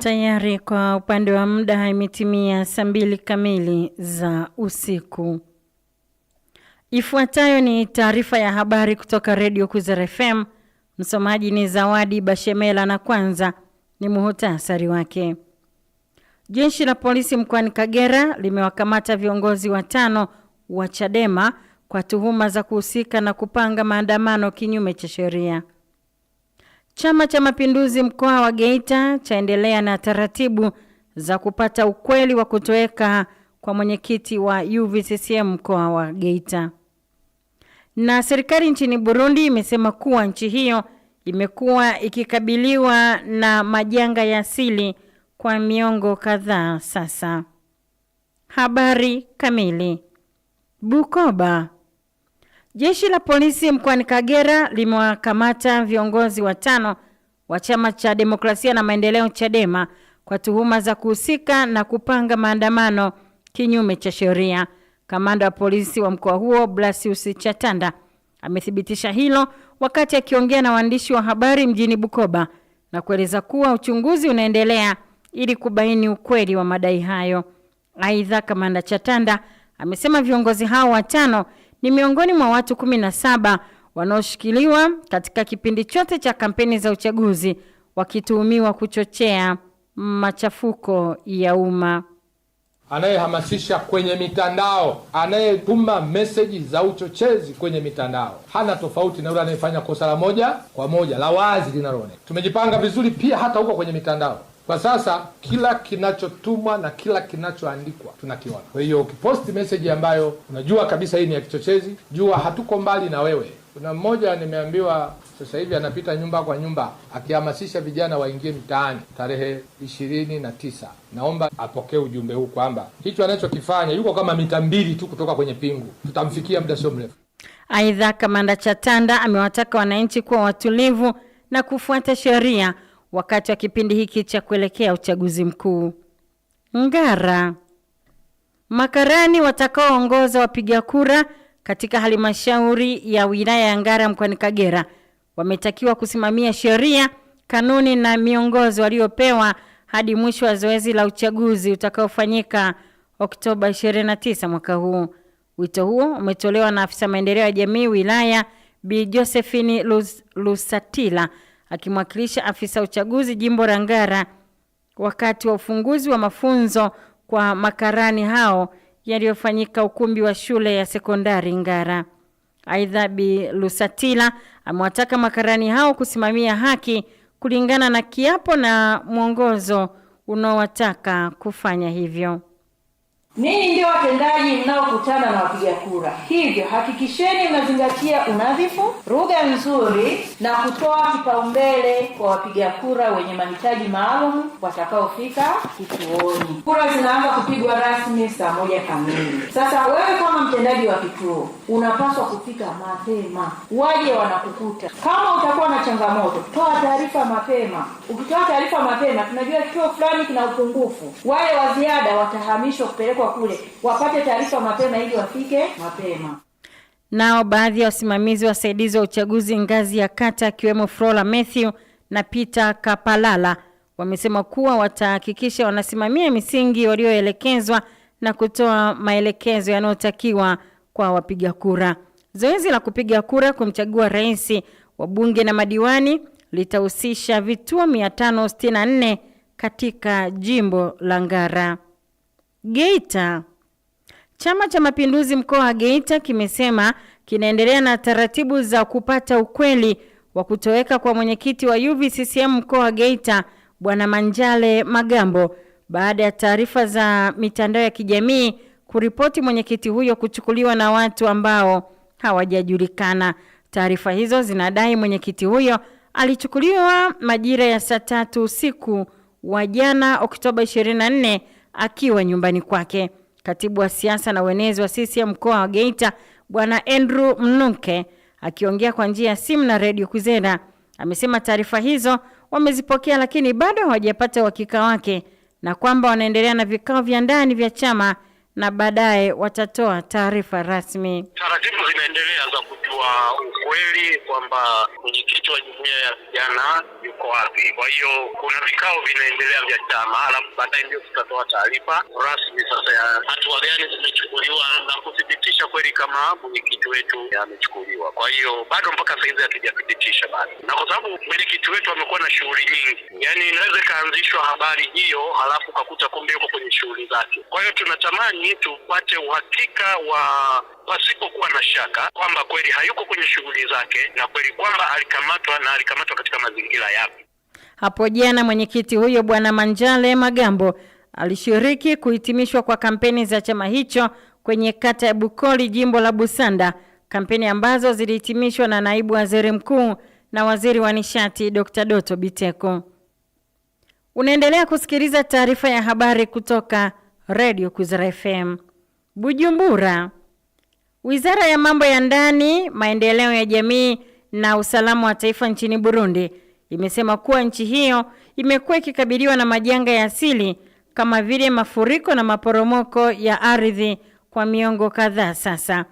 Tayari kwa upande wa muda imetimia saa mbili kamili za usiku. Ifuatayo ni taarifa ya habari kutoka Redio Kwizera FM. Msomaji ni Zawadi Bashemela na kwanza ni muhutasari wake. Jeshi la polisi mkoani Kagera limewakamata viongozi watano wa Chadema kwa tuhuma za kuhusika na kupanga maandamano kinyume cha sheria. Chama cha Mapinduzi mkoa wa Geita chaendelea na taratibu za kupata ukweli wa kutoweka kwa mwenyekiti wa UVCCM mkoa wa Geita. Na serikali nchini Burundi imesema kuwa nchi hiyo imekuwa ikikabiliwa na majanga ya asili kwa miongo kadhaa sasa. Habari kamili. Bukoba. Jeshi la polisi mkoani Kagera limewakamata viongozi watano wa chama cha demokrasia na maendeleo Chadema kwa tuhuma za kuhusika na kupanga maandamano kinyume cha sheria. Kamanda wa polisi wa mkoa huo Blasius Chatanda amethibitisha hilo wakati akiongea na waandishi wa habari mjini Bukoba na kueleza kuwa uchunguzi unaendelea ili kubaini ukweli wa madai hayo. Aidha, Kamanda Chatanda amesema viongozi hao watano ni miongoni mwa watu kumi na saba wanaoshikiliwa katika kipindi chote cha kampeni za uchaguzi wakituhumiwa kuchochea machafuko ya umma. Anayehamasisha kwenye mitandao, anayetuma meseji za uchochezi kwenye mitandao hana tofauti na yule anayefanya kosa la moja kwa moja la wazi linaloonekana. Tumejipanga vizuri pia hata huko kwenye mitandao. Kwa sasa kila kinachotumwa na kila kinachoandikwa tunakiona. Kwa hiyo ukiposti meseji ambayo unajua kabisa hii ni ya kichochezi, jua hatuko mbali na wewe. Kuna mmoja nimeambiwa sasa hivi anapita nyumba kwa nyumba akihamasisha vijana waingie mtaani tarehe ishirini na tisa. Naomba apokee ujumbe huu kwamba hicho anachokifanya, yuko kama mita mbili tu kutoka kwenye pingu, tutamfikia muda sio mrefu. Aidha, Kamanda Chatanda amewataka wananchi kuwa watulivu na kufuata sheria wakati wa kipindi hiki cha kuelekea uchaguzi mkuu. Ngara. Makarani watakaoongoza wapiga kura katika halmashauri ya wilaya ya Ngara mkoani Kagera wametakiwa kusimamia sheria, kanuni na miongozo waliopewa hadi mwisho wa zoezi la uchaguzi utakaofanyika Oktoba 29 mwaka huu. Wito huo umetolewa na afisa maendeleo ya jamii wilaya Bi Josephine Lus Lusatila akimwakilisha afisa uchaguzi jimbo la Ngara wakati wa ufunguzi wa mafunzo kwa makarani hao yaliyofanyika ukumbi wa shule ya sekondari Ngara. Aidha, Bi Lusatila amewataka makarani hao kusimamia haki kulingana na kiapo na mwongozo unaowataka kufanya hivyo. Ninyi ndio watendaji mnaokutana na wapiga kura, hivyo hakikisheni mnazingatia unadhifu, lugha nzuri na kutoa kipaumbele kwa wapiga kura wenye mahitaji maalum watakaofika kituoni. Kura zinaanza kupigwa rasmi saa moja kamili. Sasa wewe kama mtendaji wa kituo unapaswa kufika mapema, waje wanakukuta. Kama utakuwa na changamoto, toa taarifa mapema. Ukitoa taarifa mapema, tunajua kituo fulani kina upungufu, wale wa ziada watahamishwa kupelekwa kupelekwa kule wapate taarifa mapema ili wafike mapema. Nao baadhi ya wasimamizi wasaidizi wa uchaguzi ngazi ya kata akiwemo Frola Matthew na Peter Kapalala wamesema kuwa watahakikisha wanasimamia misingi walioelekezwa na kutoa maelekezo yanayotakiwa kwa wapiga kura. Zoezi la kupiga kura kumchagua rais, wabunge na madiwani litahusisha vituo 564 katika jimbo la Ngara. Geita. Chama cha Mapinduzi mkoa wa Geita kimesema kinaendelea na taratibu za kupata ukweli wa kutoweka kwa mwenyekiti wa UVCCM mkoa wa Geita Bwana Manjale Magambo baada ya taarifa za mitandao ya kijamii kuripoti mwenyekiti huyo kuchukuliwa na watu ambao hawajajulikana. Taarifa hizo zinadai mwenyekiti huyo alichukuliwa majira ya saa tatu usiku wa jana Oktoba 24 akiwa nyumbani kwake. Katibu wa siasa na uenezi wa CCM mkoa wa Geita Bwana Andrew Mnunke akiongea kwa njia ya simu na redio Kwizera amesema taarifa hizo wamezipokea, lakini bado hawajapata uhakika wake na kwamba wanaendelea na vikao vya ndani vya chama na baadaye watatoa taarifa rasmi. Taratibu zinaendelea za kujua ukweli kwamba mwenyekiti wa jumuiya ya vijana yuko wapi. Kwa hiyo kuna vikao vinaendelea vya chama, alafu baadaye ndio tutatoa taarifa rasmi sasa ya hatua gani zimechukuliwa na kuthibitisha kweli kama mwenyekiti wetu amechukuliwa. Kwa hiyo bado mpaka saizi hatujathibitisha bado, na kwa sababu mwenyekiti wetu amekuwa na shughuli nyingi, yani inaweza ikaanzishwa habari hiyo halafu ukakuta kumbe yuko kwenye shughuli zake. Kwa hiyo tunatamani tupate uhakika wa pasipokuwa na shaka kwamba kweli hayuko kwenye shughuli zake na kweli kwamba alikamatwa na alikamatwa katika mazingira yapi. Hapo jana mwenyekiti huyo Bwana Manjale Magambo alishiriki kuhitimishwa kwa kampeni za chama hicho kwenye kata ya Bukoli, jimbo la Busanda, kampeni ambazo zilihitimishwa na naibu waziri mkuu na waziri wa nishati Dr. Doto Biteko. Unaendelea kusikiliza taarifa ya habari kutoka Radio Kwizera FM Bujumbura. Wizara ya Mambo ya Ndani, Maendeleo ya Jamii na Usalama wa Taifa nchini Burundi imesema kuwa nchi hiyo imekuwa ikikabiliwa na majanga ya asili kama vile mafuriko na maporomoko ya ardhi kwa miongo kadhaa sasa.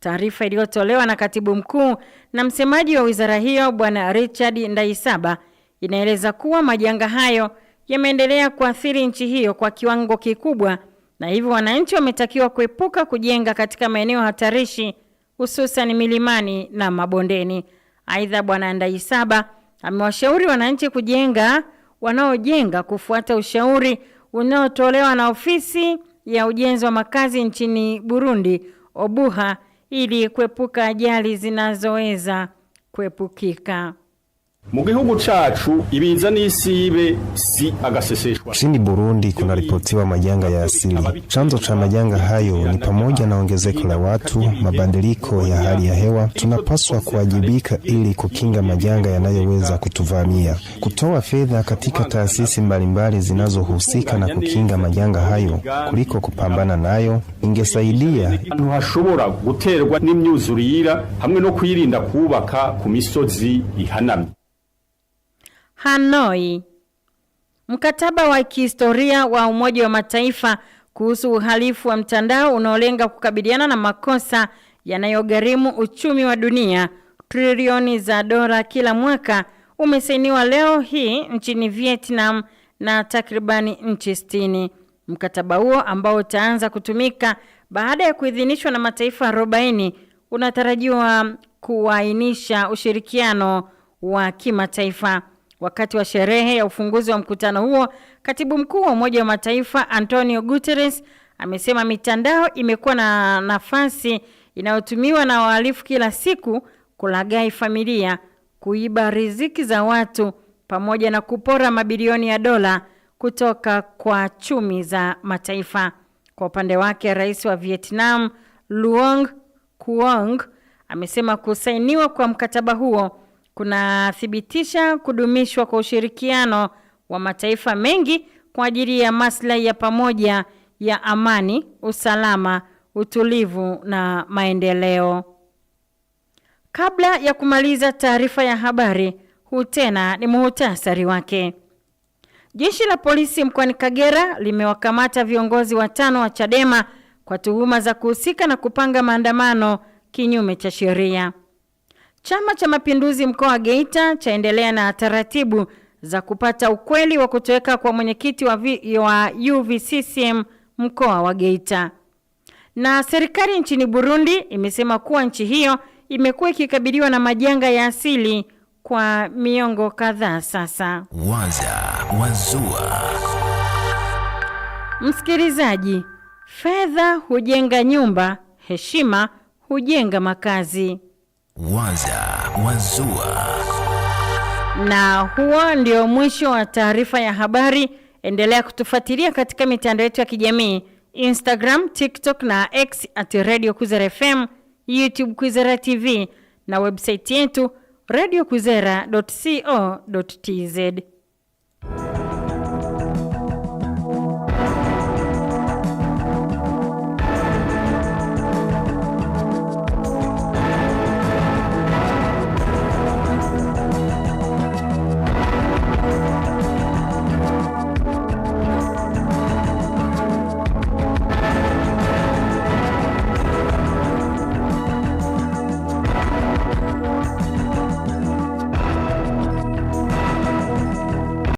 Taarifa iliyotolewa na katibu mkuu na msemaji wa wizara hiyo Bwana Richard Ndaisaba inaeleza kuwa majanga hayo yameendelea kuathiri nchi hiyo kwa kiwango kikubwa na hivyo wananchi wametakiwa kuepuka kujenga katika maeneo hatarishi hususan milimani na mabondeni. Aidha, Bwana Ndaisaba amewashauri wananchi kujenga wanaojenga kufuata ushauri unaotolewa na ofisi ya ujenzi wa makazi nchini Burundi Obuha ili kuepuka ajali zinazoweza kuepukika. Mu gihugu cacu ibiza ibe si agaseseshwa. Nchini Burundi kuna ripotiwa majanga ya asili. Chanzo cha majanga hayo ni pamoja na ongezeko la watu, mabadiliko ya hali ya hewa. Tunapaswa kuwajibika ili kukinga majanga yanayoweza kutuvamia, kutoa fedha katika taasisi mbalimbali zinazohusika na kukinga majanga hayo kuliko kupambana nayo ingesaidia. Hashobora guterwa n'imyuzurira hamwe no kwirinda kubaka ku misozi ihanamye. Hanoi. Mkataba wa kihistoria wa Umoja wa Mataifa kuhusu uhalifu wa mtandao unaolenga kukabiliana na makosa yanayogharimu uchumi wa dunia trilioni za dola kila mwaka umesainiwa leo hii nchini Vietnam na takribani nchi sitini. Mkataba huo ambao utaanza kutumika baada ya kuidhinishwa na mataifa 40 unatarajiwa kuainisha ushirikiano wa kimataifa. Wakati wa sherehe ya ufunguzi wa mkutano huo, katibu mkuu wa Umoja wa Mataifa Antonio Guterres amesema mitandao imekuwa na nafasi inayotumiwa na wahalifu kila siku kulagai familia, kuiba riziki za watu pamoja na kupora mabilioni ya dola kutoka kwa chumi za mataifa. Kwa upande wake, rais wa Vietnam Luong Kuong amesema kusainiwa kwa mkataba huo kunathibitisha kudumishwa kwa ushirikiano wa mataifa mengi kwa ajili ya maslahi ya pamoja ya amani, usalama, utulivu na maendeleo. Kabla ya kumaliza taarifa ya habari, huu tena ni muhtasari wake. Jeshi la polisi mkoani Kagera limewakamata viongozi watano wa Chadema kwa tuhuma za kuhusika na kupanga maandamano kinyume cha sheria. Chama cha Mapinduzi mkoa wa Geita chaendelea na taratibu za kupata ukweli wa kutoweka kwa mwenyekiti wa, wa UVCCM mkoa wa Geita. Na serikali nchini Burundi imesema kuwa nchi hiyo imekuwa ikikabiliwa na majanga ya asili kwa miongo kadhaa sasa. Waza Wazua. Msikilizaji, fedha hujenga nyumba, heshima hujenga makazi. Waza Wazua. Na huo ndio mwisho wa taarifa ya habari. Endelea kutufuatilia katika mitandao yetu ya kijamii Instagram, TikTok na X at Radio Kwizera FM, YouTube Kwizera TV na website yetu radiokuzera.co.tz.